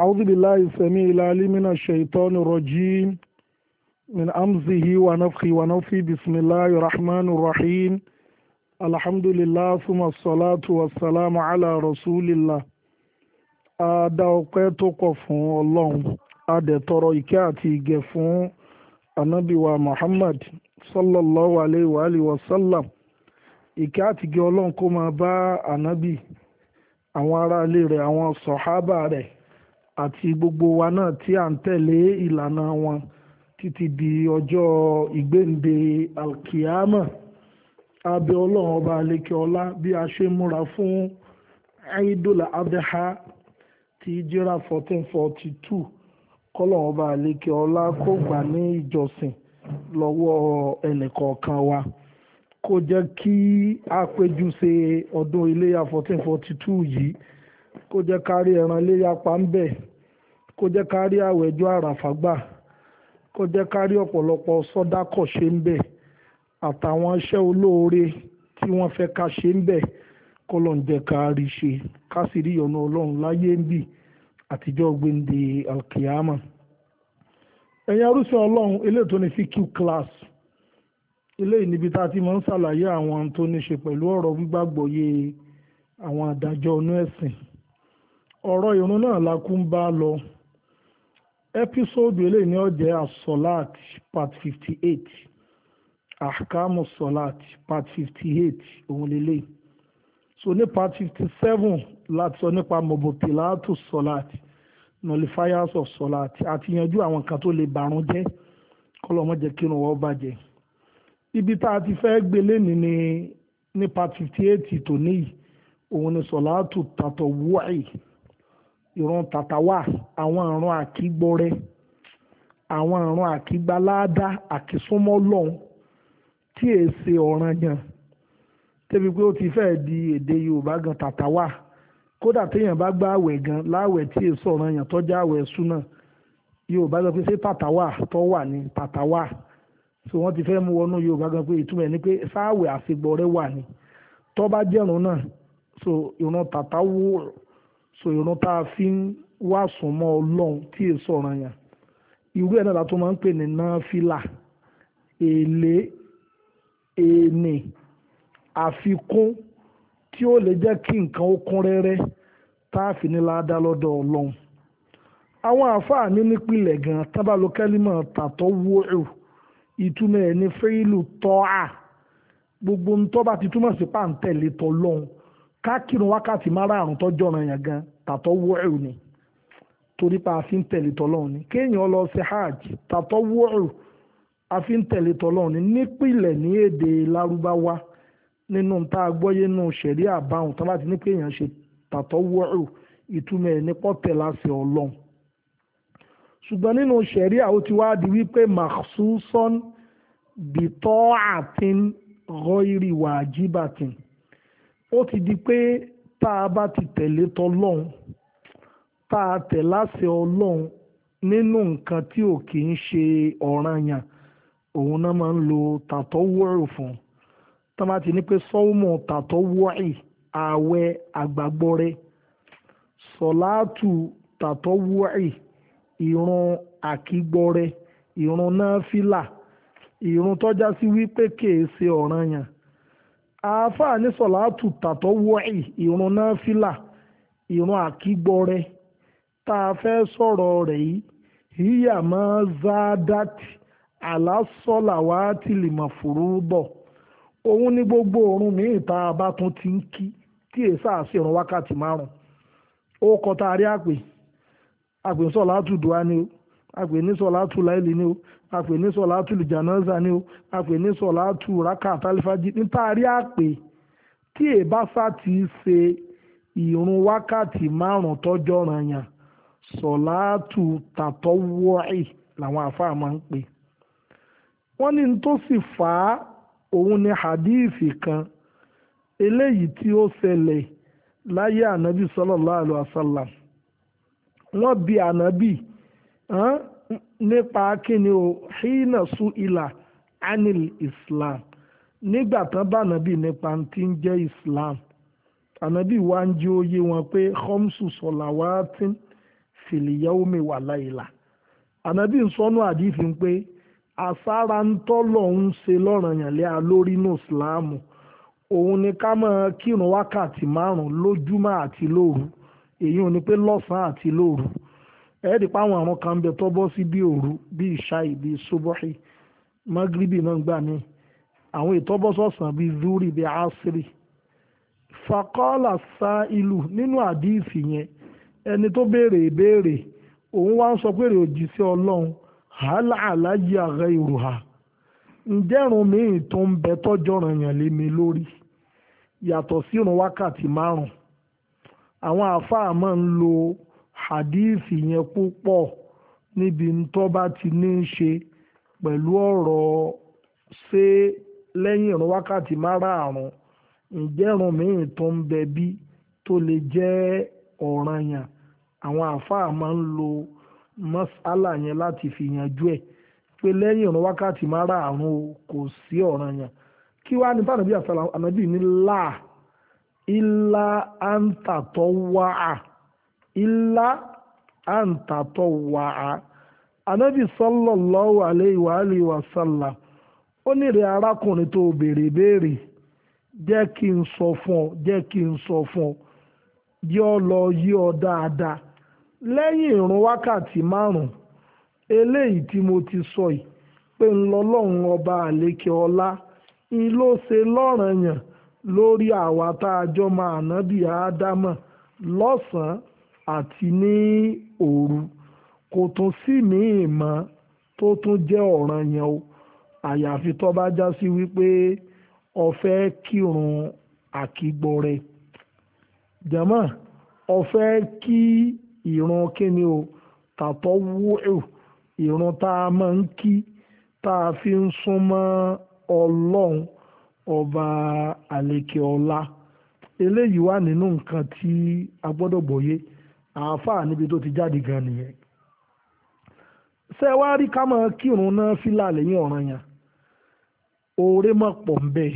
أعوذ بالله السميع العليم من الشيطان الرجيم من أمزه ونفخه ونفخه بسم الله الرحمن الرحيم الحمد لله ثم الصلاة والسلام على رسول الله a dá ọpẹ́ tó kọ fún Ọlọ́run a dẹ̀ tọrọ ìkẹ́ àti ìgẹ̀ fún anabiwa Muhammad sallallahu alayhi wa alayhi wa sallam ìkẹ́ àti ìgẹ̀ Ọlọ́run kó máa bá anabi àwọn aráalé rẹ̀ àwọn sọ̀hábà rẹ̀ àti gbogbo wa náà tí à ń tẹ̀lé ìlànà wọn títí di ọjọ́ ìgbéǹde alkiyama abẹ ọlọ́run ọba àlekè ọlá bí a ṣe múra fún aidola abdeha ti jira fourteen forty two kọ́lọ́run ọba àlekè ọlá kó gbà ní ìjọsìn lọ́wọ́ ẹnìkọ̀ọ̀kan wa kó jẹ́ kí a péjú ṣe ọdún iléyà fourteen forty two yìí kó jẹ́ kárí ẹran léyà pa ń bẹ̀ kó jẹ́ kárí àwẹ̀jọ́ àràfà gbà kó jẹ́ kárí ọ̀pọ̀lọpọ̀ sọ́dákọ̀ ṣe ń bẹ̀ àtàwọn iṣẹ́ olóore tí wọ́n fẹ́ ká ṣe ń bẹ̀ kọ́lọ̀ ń jẹ́ kárí ṣe ká sì rí ọ̀nà ọlọ́run láyé ń bì àtijọ́ gbende alkiyama ẹ̀yin arúsìn ọlọ́run eléyìí tó ní fq class eléyìí níbi tá a ti máa ń ṣàlàyé àwọn tó ní ṣe pẹ̀lú ọ̀rọ̀ gbígbàgbọ́yé àwọn àdájọ́ inú ẹ̀sìn ọ̀rọ̀ ìrun náà la kú ń bá lọ ẹ́písòdù eléyìí ni ó jẹ́ asolat part fifty eight ahkamu solat part fifty eight òun lélẹ̀ so ní part fifty seven láti sọ nípa mobopilatu solat nullifiers of solat àti yanjú àwọn kan tó lè bàrún jẹ́ kọlọ́mọ jẹ́ kí irun wọ́n bàjẹ́ ibi tá a ti fẹ́ gbé lẹ́ni ni ní part fifty eight tòní yìí òun ni solatu tatawu'i ìrun tàtàwà àwọn ìrun àkígbọrẹ àwọn ìrun àkígbaláàdá àkísúnmọ́ lọ́hùn tí è ṣe ọ̀ràn yàn tẹ́bi pé ó ti fẹ́ẹ̀ di èdè Yorùbá gan tàtàwà kódà téèyàn bá gba àwẹ̀ gan láwẹ̀ tí è sọ̀ràn yàn tọ́jà àwẹ̀ súnà Yorùbá sọ pé ṣé tàtàwà tó wà ní tàtàwà so wọ́n ti fẹ́ mú wọnú Yorùbá gan pé ìtumọ̀ ẹ̀ ni pé sáàwẹ̀ àṣegbọrẹ wà ní tó bá jẹ́rùn náà so ìrun tàtàwọ̀ so ìrun tá a fi ń wá súnmọ́ ọlọ́run tí è sọ̀rọ̀ yàn irú ẹ̀ náà la tó máa ń pè ní náfìlà èlé èèní àfikún tí ó lè jẹ́ kí nǹkan ó kún rẹ́rẹ́ tá a fi ní láadá lọ́dọ̀ ọlọ́run àwọn àáfàá ní nípìnlẹ̀ gan tá bá kẹ́límọ̀ tàtọ́ wúrò ìtumọ̀ ẹ̀ ní fẹ́ẹ́lù tọ́ à gbogbo ń tọ́ bá ti túmọ̀ sí pàǹtẹ̀lẹ̀ tọ́ kákìrún wákàtí márààrún tọ́jọ́ ọ̀ràn yẹn gan tàtọ́ wọ́ọ̀rù ni torí pa a fi ń tẹ̀lé tọ́lọ́run ni kéèyàn lọ sí hajj tàtọ́ wọ́ọ̀rù a ń tẹ̀lé tọ́lọ́run ni nípìnlẹ̀ ní èdè lárúbáwá nínú tá a gbọ́yé nù sẹ̀rí àbáhùn tó láti ní kéèyàn ṣe tàtọ́ wọ́ọ̀rù ìtumọ̀ ẹ̀ ní pọ́tẹ̀ láti ọlọ́run ṣùgbọ́n nínú sẹ̀rí àwọn ó ti di wípé màṣúsọ́n bìtọ́ àtin rọ́ ìrìwà àjíbàtìn ó ti di pé tá a bá ti tẹ̀lé tọlọ́hun tá a tẹ̀ láṣẹ ọlọ́hun nínú nǹkan tí ò kì í ṣe ọ̀ranyàn òun náà máa ń lo tàtọ́wọ́rò fún tá a bá ti ní pé sọ́wọ́mọ̀ tàtọ́wọ́rì ààwẹ̀ àgbàgbọ́rẹ́ sọ̀láàtù tàtọ́wọ́rì ìrun àkígbọ́rẹ́ ìrun náà fìlà ìrun tọ́já sí wípé kèé ṣe ọ̀ranyàn àáfàá ní sọ̀láàtù tàtọ́ wọ́ọ̀ì ìrun náfìlà ìrun àkígbọ́rẹ tá a fẹ́ sọ̀rọ̀ rẹ̀ yìí híyà máa zádàtì àlásọ̀làwátì lìmọ̀ fòrúbọ̀ òun ní gbogbo òrun míì tá a bá tún ti ń kí tí èsà sí ìrun wákàtí márùn ó kọ́ a rí àpè àpè sọ̀láàtù dùá ni o àpè ní tu láìlì ni o àpè ní sọ̀látù lìjànáza ni o àpè ní sọ̀látù rákà tálífàjì nítarí àpè tí èbá sá ti ṣe ìrun wákàtí márùn tọjọ́ ranyàn sọ̀látù tàtọ́wọ́ì làwọn àfáà máa ń pè wọ́n ní tó sì fà á òun ni hadithi kan eléyìí tí ó ṣẹlẹ̀ láyé ànábì sallallahu alaihi wasallam wọ́n bi ànábì nípa kíni o hínà sú ilà anil islam nígbà tán bá nàbí nípa tí ń jẹ́ islam ànàbí wa ń jẹ́ òye wọn pé khomsu sọ̀làwátìn fìlìyàwómi wà láìlà ànàbí ń sọnù àdífin pé àsára ń tọ́lọ̀ ń ṣe lọ́ranyànlẹ́ alórí ní islam òun ni ká máa kírun wákàtí márùn-ún lójúmọ́ àti lóru èyí ò ní pé lọ́sàn-án àti lóru. ẹ̀ẹ́dì pa àwọn àrùn kan bẹ tó bọ́ sí bí òru bí ìṣáì bí magribi náà gbà àwọn ìtọ́bọ́sọ̀sán bí zuri bí asiri fakọ́là sa ìlú nínú àdíìsì yẹn ẹni tó béèrè ìbéèrè òun wá ń sọ pé èrè òjíṣẹ́ ọlọ́run ìrùhà tó ń bẹ lórí yàtọ̀ wákàtí márùn-ún àwọn hadith yẹn púpọ̀ níbi tó bá ti ní í ṣe pẹ̀lú ọ̀rọ̀ ṣé lẹ́yìn ìrun wákàtí márààrún ìjẹ́rùn míì tó ń bẹ bí tó lè jẹ́ ọ̀ranyàn àwọn àáfàá máa ń lo mọ́sálà yẹn láti fi yanjú ẹ̀ pé lẹ́yìn ìrun wákàtí márààrún kò sí ọ̀ranyàn kí wàá ní bàbá àbí àṣàlà ànábì ní là ilà àǹtà tó wà á. illa an tatawwa'a anabi sallallahu alayhi wa alihi wa sallam ó ní rẹ̀ arákùnrin tó béèrè je jẹ́ kí n sọ fún ọ jẹ́ n sọ fún ọ yí ọ lọ yí ọ dáadáa irun ìrun marun márùn mo ti sọ pe pé ń lọ́lọ́run ọba aleke ọla ń ló ṣe lọ́ranyàn lórí àwa tá a jọ máa àti ní òru kò tún sí míì mọ́ tó tún jẹ́ ọ̀ranyàn o àyàfi tó bá já sí wípé ó fẹ́ kírun àkígbọrẹ jàmọ́ ó fẹ́ kí ìrun kíni o tàtọ́ wúrò ìrun tá a máa ń kí tá a fi ń súnmọ́ ọlọ́run ọba àlekè ọlá eléyìí wà nínú nǹkan tí a gbọdọ gbọ́yé àáfàá níbi tó ti jáde gan nìyẹn ṣé rí ká máa kírun náà fílà lẹ́yìn ọ̀ràn yẹn oore mọ̀ pọ̀ ń bẹ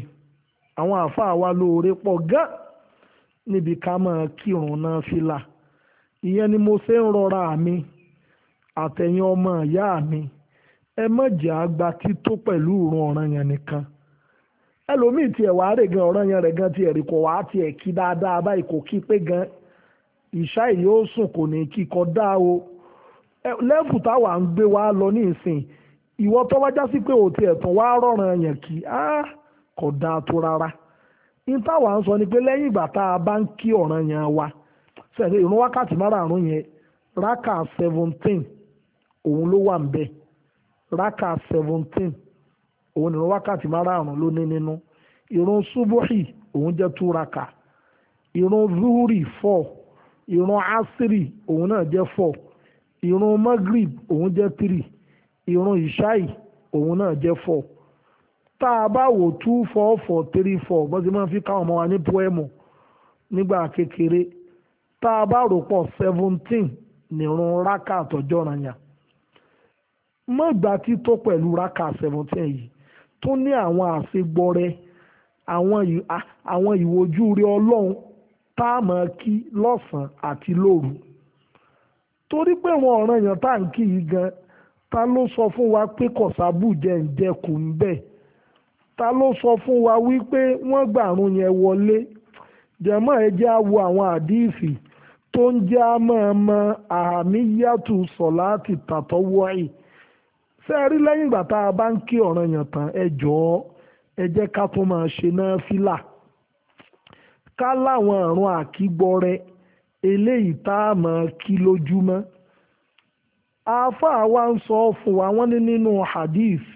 àwọn àáfàá wa lóore pọ̀ gán níbi ká máa kírun náà fílà ìyẹn ni mo ṣe ń rọra mi àtẹ̀yìn ọmọ ìyá mi ẹ má jẹ́ àgbà tító pẹ̀lú ìrun ọ̀ràn yẹn nìkan ẹlòmíì tiẹ̀ wàá rè gan ọ̀ràn yẹn rẹ̀ gan tiẹ̀ rí kọ̀ wá tiẹ̀ kí dáadáa báyìí kò kí pé gan ìṣá yìí ó sùn kò ní kíkọ dá o lẹ́fù táwa ń gbé wa lọ ní ìsìn ìwọ tó wá já sí pé òtí ẹ̀tàn wá rọ̀ràn yẹn kí á kò dáa tó rárá ní táwa ń sọ ni pé lẹ́yìn ìgbà tá a bá ń kí ọ̀ràn yẹn wa sẹ́yìn ìrún wákàtí márààrún yẹn rákà seventeen òun ló wà ń bẹ̀ rákà seventeen òun nìrún wákàtí márààrún ló ní nínú ìrún subuhi òun jẹ́ túraka ìrún zuhuri four ìrun asiri òun náà jẹ́ four ìrun magrib òun jẹ́ three ìrun ìṣáì òun náà jẹ́ four tá a bá wò two four four three four bó ti fi káwọn ọmọ wa ní poemu nígbà kékeré tá bá rò pọ̀ seventeen nìrun raka àtọ́jọ́ ra yàn tí tó pẹ̀lú seventeen yìí tó ní àwọn àṣegbọrẹ àwọn rí tá a máa kí lọ́sàn-án àti lóru torí pé wọn ọ̀ràn yàn tá à ń kí yìí gan ta ló sọ fún wa pé kọ̀sábù jẹ́ ǹjẹkùn ń bẹ̀ ta ló sọ fún wa wípé wọ́n gbàrún yẹn wọlé jẹ̀mọ́ ẹ jẹ́ á wo àwọn àdíìsì tó ń jẹ́ á máa mọ àmìyàtú sọ̀láàtì tàtọ́wọ́ ẹ̀ ṣé ẹ rí lẹ́yìn ìgbà tá a bá ń kí ọ̀ràn yàn tán ẹ jọ̀ọ́ ẹ jẹ́ ká tó máa ṣe náà fílà. ká láwọn àrùn àkígbọrẹ eléyìí tá a mọ̀ kí lójúmọ́ àáfàá wa ń sọ fún wa wọ́n ní nínú hadith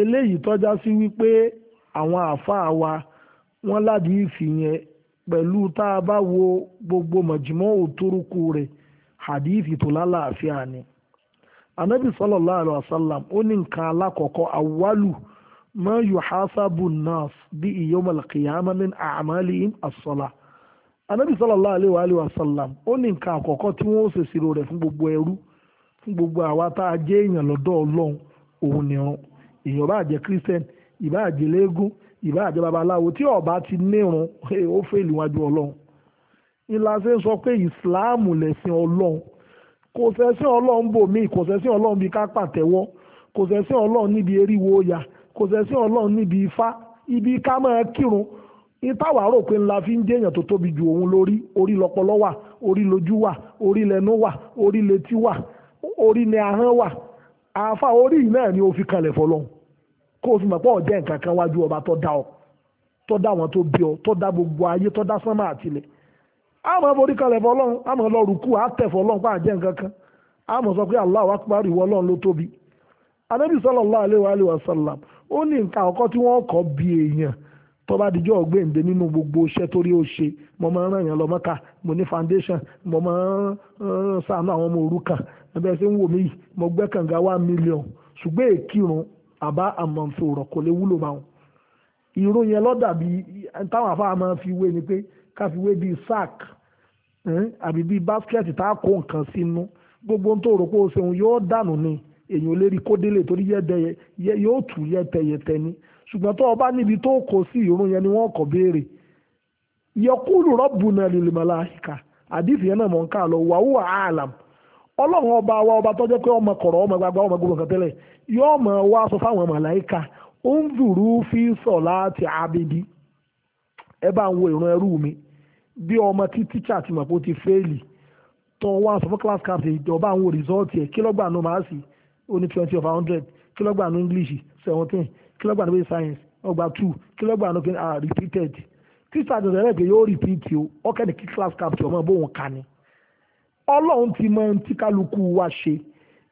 eléyìí tọ́já sí wípé àwọn àáfàá wa wọ́n ládìífì yẹn pẹ̀lú tá a bá wo gbogbo mọ̀jìmọ́ òtúrúkú rẹ̀ hadith tó lálàáfíà ni anabi sallallahu alaihi wasallam ó ní nǹkan alákọ̀ọ́kọ́ awalu ma yuhasabu nas bihi yawmal qiyamah min a'malihim as-salah anabi sallallahu alayhi wa alayhi wa sallam ó ní nǹkan àkọ́kọ́ tí wọ́n ó ṣe ṣírò rẹ̀ fún gbogbo ẹrú fún gbogbo àwa tá a jẹ́ èèyàn lọ́dọ̀ ọlọ́run òun nìrun èèyàn bá jẹ́ christian ìbá jẹ́ léegun ìbá jẹ́ babaláwo tí ọba ti nírun ó fèlì wájú ọlọ́run ìlà ṣe ń sọ pé ìsìláàmù lẹ̀sìn ọlọ́run kò sẹ́sìn ọlọ́run bò míì kò sẹ́sìn ọlọ́run bíi ká pàtẹ́wọ́ kò sẹ́sìn ọlọ́run níbi eriwo ya kò sẹ́sìn ọlọ́run níbi ifá ibi ká máa kírun ìtawà rò pé ńlá fi ń jẹ́yàn tó tóbi ju òun lórí orí lọpọlọ wà orí lójú wà orí lẹ́nu wà orí létí wà orí ni ahọ́n wà àfa orí yìí náà ni ó fi kalẹ̀ fọlọ́hún kó o fi mọ̀ pé ọ̀jẹ́ nǹkan kan wájú ọba tó dá ọ tó dá àwọn tó bí ọ tó dá gbogbo ayé tó dá sánmà àtìlẹ̀ àmọ́ forí kalẹ̀ fọlọ́hún àmọ́ lọ́ọ̀rù kú àtẹ̀fọlọ́hún pé àjẹ́ nǹkan kan àmọ́ sọ pé Allahu akbar ìwọ Ọlọ́run ló tóbi anábì sallallahu alaihi wa sallam ó ní nǹkan àkọ́kọ́ tí wọ́n kọ́ bí èèyàn tó bá dijọ́ ọ̀gbẹ́ǹde nínú gbogbo iṣẹ́ torí ó ṣe mo máa ń ràn yàn lọ mo ní foundation mo máa ń ṣàánú àwọn ọmọ òrukàn ẹgbẹ́ ṣe ń wò mí yìí mo gbẹ́ kànga one million ṣùgbọ́n èkìrun àbá àmọ̀ǹfẹ̀ òrọ̀ kò lè wúlò máa ìró yẹn lọ́dà bí táwọn afáà máa fi wé ni pé ká fi wé bíi sack àbí bíi basket tá a kó nǹkan sínú gbogbo ohun tó rò pé ó ṣeun yóò dànù ni èyàn lérí kódélé torí yẹ́dẹ̀yẹ yóò tù yẹ́tẹ̀yẹtẹ ni ṣùgbọ́n tó o bá níbi tó kó sí ìrún yẹn ni wọ́n kọ̀ béèrè yẹkúlù rọ́bùnà lil màláíkà àdìsí yẹn náà mọ̀ ń ká lọ wàhùwà àlàm ọlọ́run ọba wa ọba tó jẹ́ pé ọmọ kọ̀rọ̀ ọmọ gbagba ọmọ gbogbo nǹkan tẹ́lẹ̀ yóò mọ̀ wá sọ fáwọn màláíkà ó ń dùrú fi sọ̀ láti abidi ẹ bá ń wo ìran ẹrú mi bí ọmọ tí tíṣà ti mọ̀ pé ó ti fẹ́ẹ̀lì tó wá sọ fún class captain ìjọba àwọn rìsọ́ọ̀tì ẹ̀ kí lọ́gbà náà máa sì í ó ní twenty over hundred kí ló english seventeen kí ló gbà science ó gba two kí ló gbà ní kin ah repeated títà àjọyọ̀ rẹ̀ pé yóò repeat o ọkẹ́ ní kí class capture ọmọ bóun kà ní ọlọ́run ti mọ ohun tí kálukú wa ṣe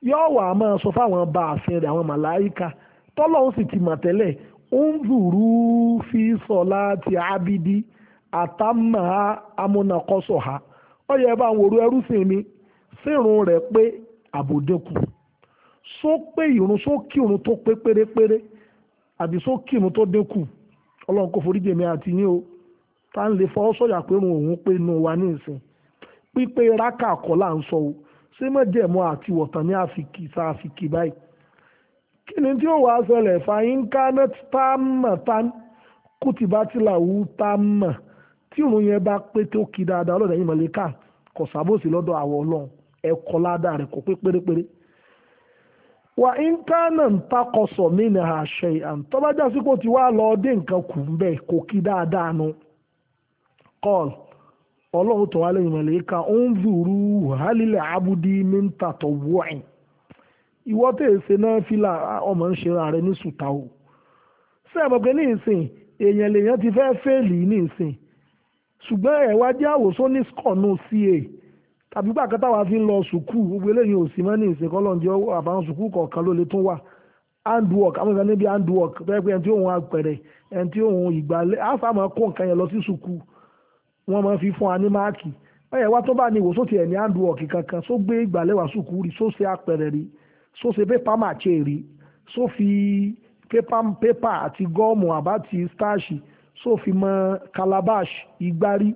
yóò wà á máa sọ fáwọn bá àfin rẹ̀ àwọn màláìka tọ́lọ́run sì ti mọ̀ tẹ́lẹ̀ ń zùrú fi sọ láti abidi àtàmà amúnakọ́sọ̀ ha ó yẹ bá àwọn òru ẹrú sìn mi sírun rẹ̀ pé àbòdínkù só pé ìrun só kí ìrun tó pé pérépéré àbí só kí ìrun tó dínkù ọlọ́run kò forí jèmi àti yín o tá n lè fọwọ́ sọ̀yà pé òun òun pé inú wa ní ìsìn pípé rákà kọ́ là ń sọ o ṣé mọ̀jẹ̀mọ́ àti wọ̀tàn ní àfikì sa àfikì báyìí kí ni tí ó wàá ṣẹlẹ̀ fàyín káná táàmà tán kùtìbá tìlà wú táàmà tí òun yẹn bá pé tó kí dáadáa ọlọ́dà yìí mọ̀lẹ́ká kọ̀ sábòsí lọ́dọ̀ àwọ̀ ọlọ́run ẹ̀kọ́ ládàá rẹ̀ kò pé pérépéré. wa íńtánà ń takọsọ mínà àṣẹ àn tó bá jásí kó ti wá lọ dé nǹkan kù ń bẹ kò kí dáadáa nu kọl ọlọ́run tó wá lẹ́yìn mọ̀lẹ́ ká ó ń zùrú hálílẹ̀ abúdí ní ń tàtọ̀ wọ́ọ̀ìn ìwọ tó èsè náà fìlà ọmọ ń ṣe ààrẹ ní sùtà o sẹ́ẹ̀mọ̀ pé ní ìsìn èèyàn lèèyàn ti fẹ́ fẹ́ẹ̀lì ní ìsìn ṣùgbọ́n ẹ̀ wá ní tàbí gbà kẹta wàá fi ń lọ sùkúù gbogbo eléyìí ò sí mẹ́ni ìsìnkọ́lọ́njẹ́ àbáwọn sùkúù kọ̀ọ̀kan ló lè tún wà handwork àwọn ìgbà níbi handwork bẹ́ẹ̀ pé ẹni tí òun apẹ̀rẹ̀ ẹni tí òun ìgbàlẹ̀ àfà máa kó nǹkan yẹn lọ sí sùkúù wọ́n máa fi fún wa ní máàkì báyẹ̀ wá tó bá ní ìwòsàn tiẹ̀ ní handwork kankan só gbé ìgbàlẹ̀ wá sùkúù rí só ṣe apẹ̀rẹ̀ rí só ṣe pépà màche rí só fi pépà àti gọ́ọ̀mù àbá ti stáàṣì só fi mọ calabash ìgbárí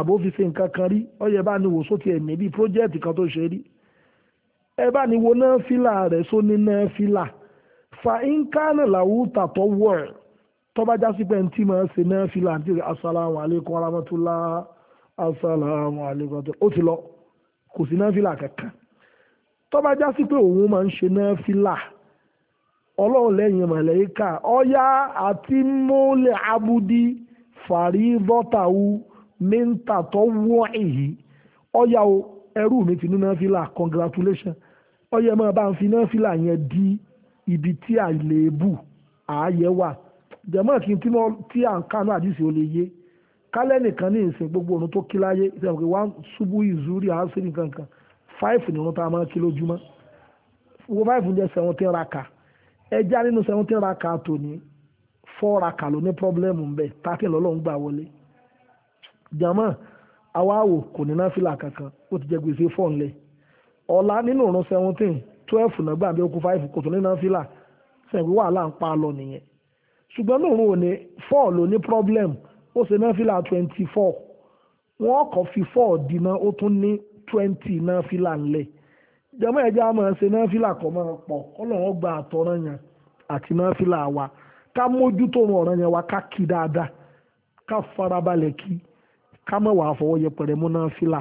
àbó fi ṣe nǹkan kan rí ọyẹ bá ní wò só tiẹ̀ níbi project kan tó ṣe rí ẹ bá ní wo náà fìlà rẹ̀ só ní náà fìlà fa nkánà làwọn tàtọ́ wọ̀ ẹ̀ tọ́ba jásí pé ntí máa ṣe náà fìlà àti asalaamu aleykum aramatulah asalaamu aleykum ó ti lọ kò sí náà fìlà kankan tọ́ba jásí pé òun máa ń ṣe náà fìlà ọlọ́run lẹ́yìn mọ̀lẹ́yìn ọ̀yá àti mọ́lẹ̀ abudi fàrí bọ́tàwù mẹ́ńtà tó wọ́n èyí ọ̀yà o ẹrú mi ti ní náfìlà congratulation ọ̀yà máa bá ń fi náfìlà yẹn di ibi tí àléébù ààyè wà jẹ̀mọ́ kí n tí à ń kánú àdìsí ó lè yé kálẹ̀ nìkan ní ìsìn gbogbo òun tó kí láyé ìsìn pé wọ́n ṣubú ìzúrí àásìrì kankan five ni wọ́n tá a máa kí lójúmọ́ wo five ń jẹ́ seventeen raka ẹja nínú seventeen raka tòní four raka ló ní pọ́blẹ́mù ń bẹ tákì lọ́lọ́ ń gbà wọlé jama awáwò kò ní náfìlà kankan ó ti jẹ gbèsè fọ́ọ̀n lẹ̀ ọ̀la nínú òrùn seventeen twelve náà gbàgbé okùn five kò tún ní náfìlà sẹ́yìn wàhálà ń pa lọ nìyẹn ṣùgbọ́n ní òrùn òní four ló ní problem ó ṣe náfìlà twenty four wọ́n kọ́ fi four dínà ó tún ní twenty náfìlà ńlẹ̀ jama ẹja máa ṣe náfìlà kọ́ máa pọ̀ ọlọ́run gba àtọ̀ràn yẹn àti náfìlà wa ká mójútó ọ̀ràn yẹn wa ká kí dáadáa ká farabalẹ̀ kí ká mọ̀ wàá fọwọ́ yẹpẹrẹ mú náà fìlà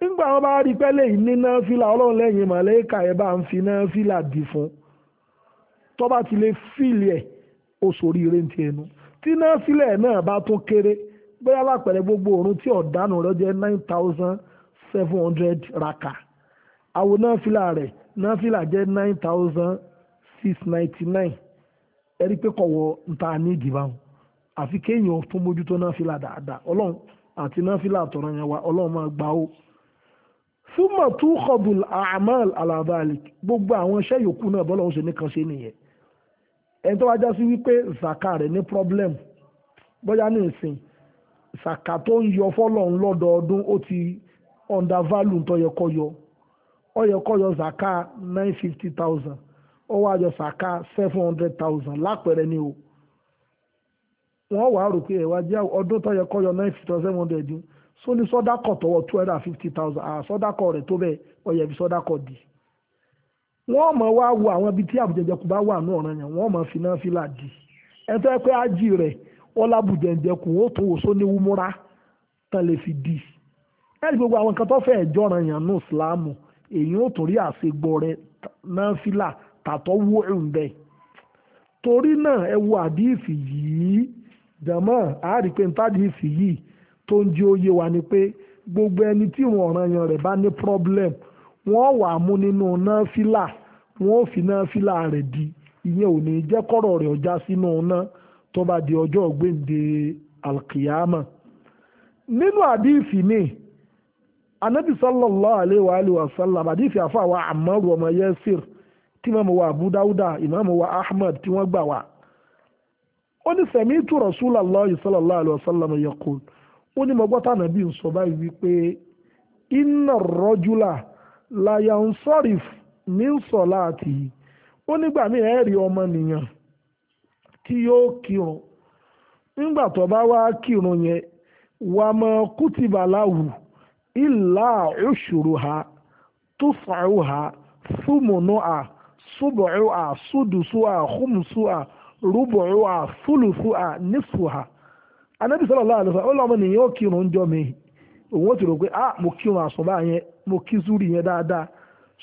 nígbà wọn bá rí pẹ́lẹ́ yìí ní náà fìlà ọlọ́run lẹ́yìn màlẹ́kà ẹ̀ bá ń fi náà dì fún tó ti lè fìlì ẹ̀ ó ire ti ẹnu tí náà fìlẹ̀ náà bá tún kéré bóyá lápẹ̀rẹ̀ gbogbo òórùn tí ọ̀dánù jẹ́ nine thousand seven hundred raka àwọn náà fìlà rẹ̀ náà fìlà jẹ́ nine thousand six ninety nine àfi kéèyàn tó mójútó náfìlà dáadáa ọlọ́run àti náfìlà àtọ̀rọ̀ yẹn wa ọlọ́run máa gbà ó. súnmọ̀ tú kọ̀bùl àmàl àlàbàlì gbogbo àwọn iṣẹ́ yòókù náà bọ́lá ṣe ní ṣe nìyẹn. ẹni tó wá já sí wípé zaka rẹ̀ ní problem bóyá ní ìsìn zaka tó ń yọ fọ́lọ́run lọ́dọọdún ó ti undervalue tó yẹ kó yọ ó yẹ kó yọ zaka nine fifty thousand ó wá yọ zaka seven hundred thousand lápẹẹrẹ ni o. wọ́n wàá rò pé ẹ̀wá jẹ́ ọdún tó yẹ nine fifty seven hundred dín so ní sọ́dákọ̀ tọwọ́ two hundred and fifty thousand àà sọ́dákọ̀ rẹ̀ tó bẹ́ẹ̀ ọ̀yẹ̀ dì wọ́n mọ̀ wá wo àwọn ibi tí àbùjẹ̀jẹ̀kù bá wà ní ọ̀ràn yẹn wọ́n mọ̀ dì ẹ pé rẹ̀ ó wò só ní wúmúra fi gbogbo àwọn kan tó jàmọ́ àárí pé ntádìsí yìí tó ń jẹ́ òye wa ni pé gbogbo ẹni tí wọn ọ̀ranyàn rẹ̀ bá ní problem wọ́n wà mú nínú náfìlà wọ́n ò fi náfìlà rẹ̀ di ìyẹn ò ní jẹ́ kọ́rọ̀ rẹ̀ ọjà sínú ọ̀nà tó bá di ọjọ́ gbèǹde alkiyama nínú àdìsí mi anabi sallallahu alayhi wa alayhi wa sallam àdìsí àfa wa amaru ọmọ yẹsir tí màmú wa abu dauda ìmàmú wa ahmed tí wọ́n gbà wá. ó ní sẹ̀mí tù rọ̀ṣúlà lọ́ọ̀yì sọ́lọ́lá àlùwàsálàmù yẹ̀kùn ó ní mọ̀gbọ́tà nàbí ń sọ báyìí wípé iná rọ́júlà láyà ń sọ̀rì ní sọ̀ láti ó nígbà míì ẹ̀ rí ọmọ nìyàn tí yóò kírun nígbà tó bá wá kírun yẹn wà mọ́ láwù ìlà òṣòro ha tó ha súnmùnú à súbọ̀ọ́ à súdùsú à rúbọ̀ wa fúlùfú à ha sallallahu alaihi wasallam ó nìyẹn ó kírun jọ mi òun ó ti rò pé ah mo kírun àsùnbà yẹn mo kí zúrì yẹn dáadáa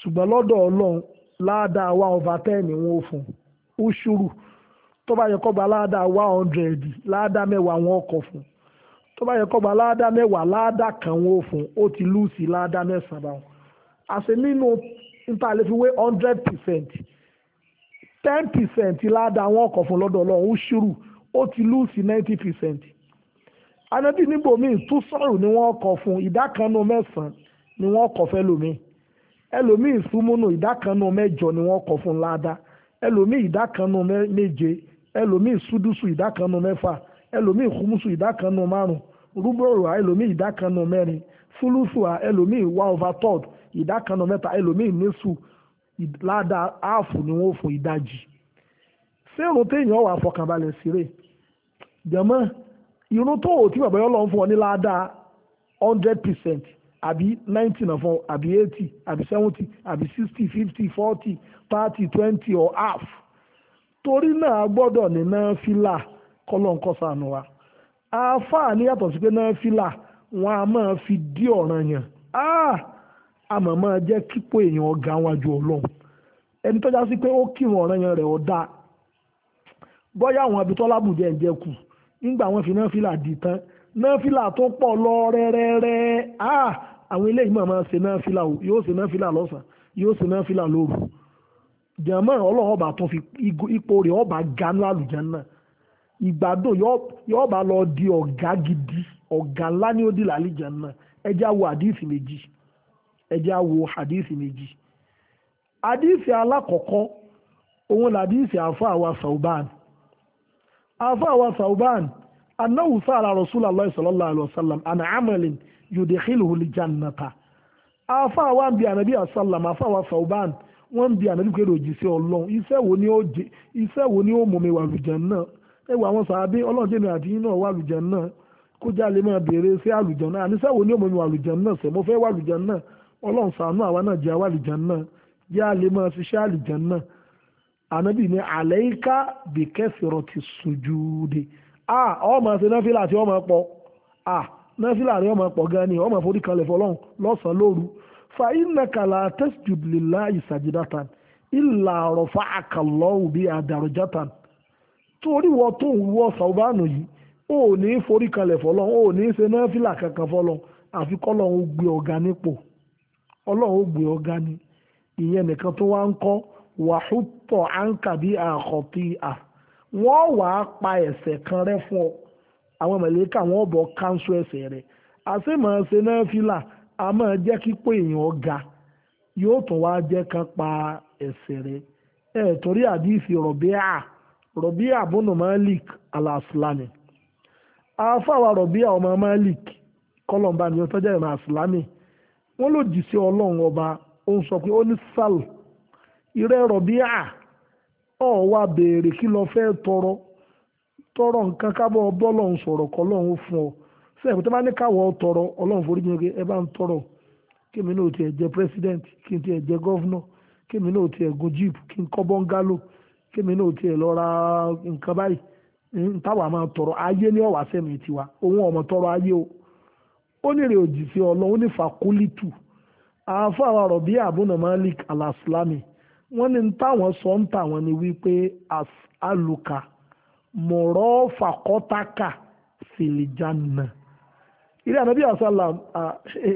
ṣùgbọ́n lọ́dọ̀ ọlọ́run láàdáa wá ọba tẹ́ẹ̀nì wọn ò fún ó ṣòro tó bá yẹ kọ́ba láàdáa wá láàdáa mẹ́wàá wọn ọkọ̀ fún tó ten percent ládà àwọn ọkọ̀ fún lọ́dọ̀ ọlọ́run ó ṣírù ó ti lùsì ninety percent anabi níbo míì tún sọ̀rọ̀ ni wọ́n kọ̀ fún ìdá kan nínú mẹ́sàn-án ni wọ́n kọ̀ fẹ́ lómi ẹlòmíì súnmúnú ìdá kan nínú mẹ́jọ ni wọ́n kọ̀ fún ládà ẹlòmíì ìdá kan nínú méje ẹlòmíì súdúsù ìdá kan nínú mẹ́fà ẹlòmíì kúmùsù ìdá kan nínú márùn rúbọ̀rọ̀ ẹlòmíì ìdá kan nínú mẹ́rin fúlùsù ẹlòmíì one over third ìdá kan nínú mẹ́ta ẹlòmíì nísù ládàá áàfù ni wọ́n fún ìdajì sẹ́rùn téèyàn wà fọkànbalẹ̀ sírè jẹ̀mọ́ irun tó o tí bàbá yọ lọ fún ọ ní ládàá hundred percent àbí ninety náà fún ọ àbí eighty àbí seventy àbí sixty fifty forty thirty twenty or half torí náà a gbọ́dọ̀ ní náà fìlà kọ́lọ́ńkọ́sánú wa àáfàá ní yàtọ̀ sí pé náà fìlà wọn a máa fi dí ọ̀ràn yàn Ah! àmọ́ máa jẹ́ kípò èèyàn ọ̀gá wájú ọlọ́run ẹni tó já sí pé ó kírun ọ̀ràn yẹn rẹ̀ ọ̀dà bọ́yá àwọn abitọ́ lábùjẹ́ ẹ̀jẹ̀ kù nígbà wọn fi náfìlà dì tán náfìlà tó pọ̀ lọ rẹ́rẹ́rẹ́ ah! àwọn eléyìí máa máa ṣe náfìlà o yóò ṣe náfìlà lọ́sàn yóò ṣe náfìlà lóru jẹ̀mọ́ ọlọ́run ọba tó fi ipò rẹ̀ ọba ga ńlá àlùjánnà ìgbádùn yóò bá lọ di ọ̀gá gidi ọ̀gá ńlá ní ó dì lálùjánnà ẹ já wo àdìsí méjì ẹjẹ́ á wo hadith méjì hadith alákọ̀ọ́kọ́ òun làdíìsì àáfàá wa sauban àáfàá wa sauban anáwó sára rasulallah sallallahu alaihi wasallam sallam àná amalin yudekhiluhu lijannata àáfàá wa ń bi ànábì àsálàm àáfàá wa sauban wọ́n ń bi ànábì pé òjíṣẹ́ ọlọ́run iṣẹ́ wo ni ó jẹ iṣẹ́ wo ni ó mú mi wà lùjẹ́ náà ẹ wọ àwọn sàábé ọlọ́run jẹ́mi àti yín náà wà lùjẹ́ náà kó jẹ́ àlè máa béèrè sí àlùjẹ́ wo ni ó mú mi wà lùjẹ́ náà mo fẹ́ wà lùjẹ́ ọlọ́run ṣàánú àwa náà jẹ́ àwàlìjàn náà jẹ́ àlè máa ṣiṣẹ́ àlìjàn náà ànábì ní àlẹ́yíká bìkẹ́sìrọ̀ ti sùjúde a ọmọ ṣe náfìlà tí ọmọ pọ̀ a náfìlà rẹ̀ ọmọ pọ̀ gan ni ọmọ forí kanlẹ̀ fọlọ́run lọ́sàn-án lóru فإنك لا تسجد لله سجدة إلا رفعك الله بها درجة torí wọ́n tó ń wọ́ sàbánù yìí ó ní forí kalẹ̀ fọlọ́n ó ní ṣe náfìlà kankan fọlọ́n àfi gbé ọ̀gá nípò ọlọ́run ó gbé ọ̀gá ni ìyẹn nìkan tó wá ń kọ́ wàhútọ̀ àǹkàbí àkọ́tì à wọ́n pa ẹ̀ṣẹ̀ kan rẹ fún ọ àwọn mẹ̀lẹ́kà wọ́n bọ̀ káńsù ẹ̀ṣẹ̀ rẹ̀ àṣemọ̀ ṣe náà fìlà a máa jẹ́ kíkó èèyàn ọ̀gá yóò tún wá jẹ́ pa ẹ̀ torí àdìsí rọ̀bíà rọ̀bíà bùnú malik àfàwà rọ̀bíà ọmọ malik wọ́n ló jì sí ọlọ́run ọba ó ń sọ pé ó ní sal ìrẹ́ rọ̀bíà ọ̀ wá béèrè kí lọ fẹ́ tọrọ tọrọ nǹkan kábọ̀ bọ́lọ́run sọ̀rọ̀ kọ́ lọ́run fún ọ sẹ́yìn tó bá ní káwọ́ tọrọ ọlọ́run foríjì ní pé ẹ bá ń tọrọ kémi president kí n tiẹ̀ jẹ́ governor kémi náà tiẹ̀ gun jeep kí n kọ́ bọ́ngálò kémi náà tiẹ̀ lọ ra nǹkan báyìí tọrọ ayé sẹ́mi tiwa òun ọ̀mọ̀ tọrọ o ó ní èrè òjìṣẹ́ ọlọ́run ó ní fàkúlìtù àáfàá wa rọ̀bí àbúnà malik alaslami wọ́n ní táwọn sọ ń tà ni wípé aluka mọ̀rọ́ fàkọ́tàkà fìlìjánà ilé ànábì àsálà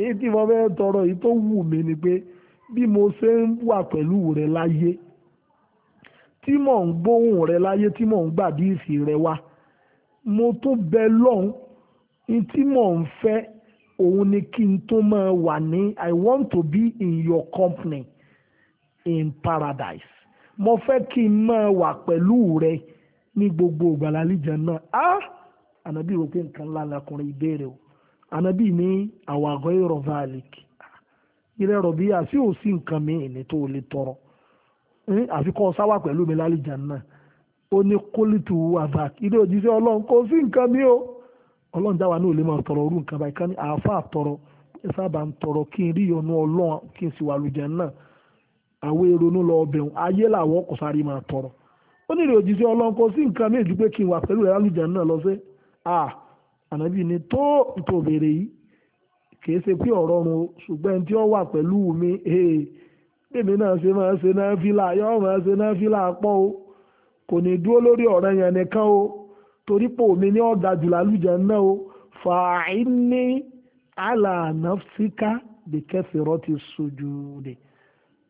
ètí wọn fẹ́ tọrọ èyí tó wù mí ni pé bí mo ṣe ń wà pẹ̀lú rẹ láyé tí mò ń gbóhùn rẹ láyé tí mò ń gbàdíìsì rẹ wá mo tún bẹ lọ́hùn ní tí mò ń fẹ́ òun ni kí n tó máa wà ní i want to be in your company in paradise mo fẹ́ kí n máa wà pẹ̀lú rẹ ní gbogbo ìgbàlálìjẹ náà ah ànábì rò pé nǹkan ńlá lakùnrin ìbéèrè o ànábì ní àwàgọ́ ìrọ̀ vaalik ìrẹ́ rọ̀bí àti òsì nǹkan mi ìní tó lè tọrọ àfikọ́ sáwà pẹ̀lú mi lálìjẹ náà ó ní kólítù wàzà ilé òjíṣẹ́ ọlọ́run kò sí nǹkan mi o. ọlọ́run jáwa náà lè máa tọrọ orú nǹkan báyìí ní tọrọ ẹ sábà ń tọrọ kí n rí ìyọnu ọlọ́run kí n sì wà lùjẹ́ náà àwọn èrò inú lọ ọbẹ̀ òun ayé làwọn kò sáré máa tọrọ ó nílò òjíṣẹ́ ọlọ́run kò sí nǹkan méjì pé kí n wà pẹ̀lú ẹ̀ náà lọ sí ànábì ni tó tó béèrè yìí kì í ṣe pé ọ̀rọ̀ o ṣùgbọ́n ẹni tí ó wà pẹ̀lú mi èmi náà ṣe máa ṣe torí pò mí ní ọ̀dà jùlọ àlùjá náà o fàáìní àlànàfíkà bìkẹ́sìrọ́ ti sojú rẹ̀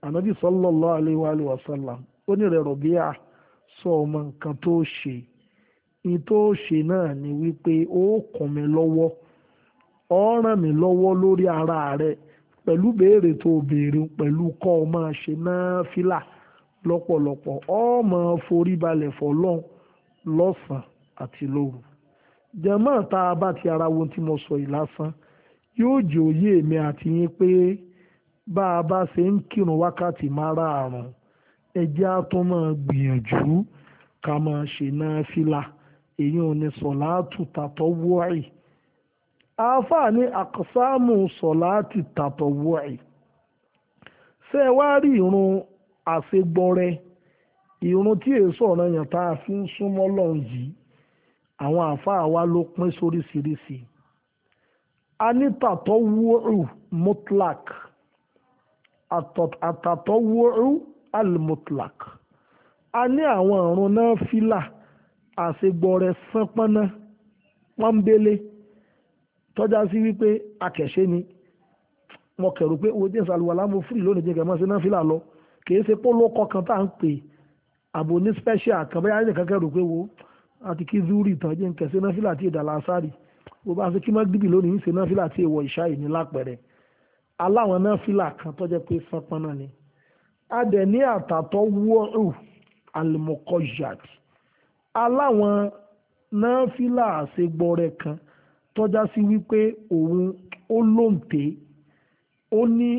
ànábì sallallahu alaihi wa sallam ó ní rẹ̀ rọ̀bíà sọ ọmọ nǹkan tó ṣe ní tó ṣe náà ni wípé ó kàn mí lọ́wọ́ ó ràn mí lọ́wọ́ lórí ara rẹ̀ pẹ̀lú béèrè tó béèrè pẹ̀lú kọ́ ọ máa ṣe náà fílà lọ́pọ̀lọpọ̀ ọ máa forí balẹ̀ fọlọ́n lọ́sàn àti lóru jẹ̀mọ́ tá a bá ti ara wo tí mo sọ yìí lásán yóò jẹ́ òye èmi àti yín pé bá a bá ṣe ń kírun wákàtí márààrún ẹ jẹ́ á tún máa gbìyànjú ká máa ṣe náfìlà èyí ò ní sọ̀láàtù tàtọ̀wọ́ì àáfàá ní àkọsáàmù sọ̀láàtì tàtọ̀wọ́ì ṣé ẹ wá rí irun àṣegbọrẹ irun tí èso ọ̀ranyàn tá fi ń súnmọ́ lọ́hùn yìí àwọn àáfàá wa ló pín sóríṣiríṣi a ní tàtọ́ wúrù mutlak àtàtọ́ wúrù almutlak a ní àwọn ọ̀run náà fìlà àṣegbọrẹ sánpọ́nná pọ́nbélé tọ́já sí wípé akẹ̀ṣe ni mo kẹ̀rù pé owó jẹ́ ìsàlùwà láàmú fúrì lónìí jẹ́ kẹ̀mọ́ sí náà fìlà lọ kì í ṣe pólókọ kan tá à ń pè àbò ní special kan bẹ́ẹ̀ á ní kankan pé wo àti kí zuri tán jẹ́ nkẹ́sẹ́ náfìlà tí èdè aláṣárì bó bá ṣe kí magdibi lónìí ń ṣe náfìlà tí èèwọ̀ ìṣá yìí ní lápẹ̀rẹ̀ aláwọn náfìlà kan tó jẹ́ pé sánpọ́nà ni adẹ̀ ní àtàtọ́ wọ́ọ̀rù alimokojad aláwọn náfìlà àṣegbọ́rẹ̀ kan tọ́já sí wípé òun ó lóǹtẹ̀ ó ní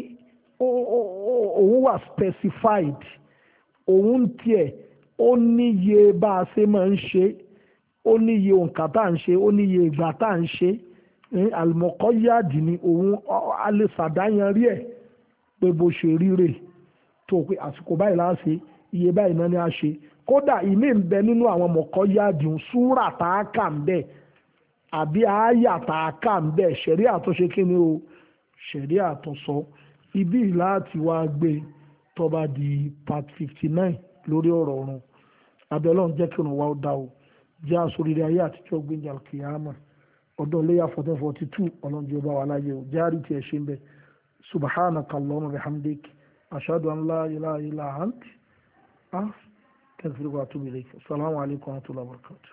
òun wà specified òun tiẹ̀ ó níye bá a ṣe máa ń ṣe é ó níye òǹkà tá à ń ṣe ó níye ìgbà tá à ń ṣe àlùmọ̀kọ́ yáàdì ni òun a lè ṣàdáyan rí ẹ̀ pé bó ṣe ríre tó pé àsìkò báyìí la ṣe iye báyìí náà ni a ṣe kódà ìmí ń bẹ nínú àwọn mọ̀kọ́ yáàdì ń súrà tá a kà ń bẹ̀ àbí àáyà tá a kà ń bẹ̀ ṣẹ̀rí àtúnṣe kí ni o ṣẹ̀rí àtúnṣọ ibi láti wá gbé tó di part fifty nine lórí ọ̀rọ̀ ọ̀run abẹ́ọ́lọ́run jẹ́ kí òun wá ó dá o já sóríire ayé àtijọ́ gbẹ̀ngàn kìámà ọdún léyà fourteen forty two ọlọ́njẹ́ ọba wa láyé o járí tiẹ̀ ṣe ń bẹ subhanaka allahumma bihamdik ashhadu an la ilaha illa ant ah tẹ̀síwájú àtúbìlẹ̀ salamu alaykum wa rahmatulahi wa barakatuh.